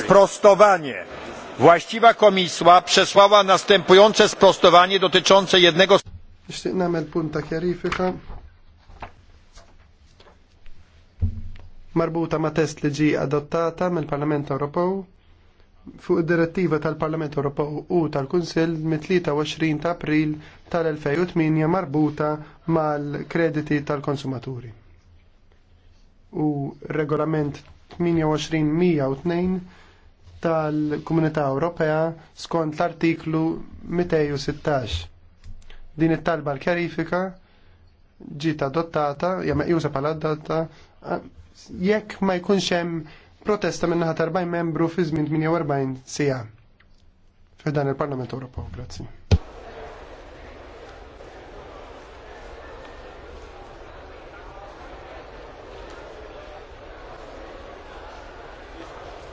Sprostowanie. Właściwa komisja przesłała następujące sprostowanie dotyczące jednego. Nixtieq nagħmel punta marbuta ma' test li ġie adottata mill-Parlament Ewropew fuq id-direttiva tal-Parlament Ewropew u tal-Kunsill mit-23 ta' April tal-2008 marbuta mal-krediti tal-konsumaturi. U regolament 28102 tal-Komunità Ewropea skont l-artiklu 216. Din it-talba l-kjarifika ġiet adottata, hija meqjusa bħala adotta jekk ma jkunx hemm protesta minnaħa naħa 40 membru fi żmien 48 sija f'dan il-Parlament Ewropew. Grazzi.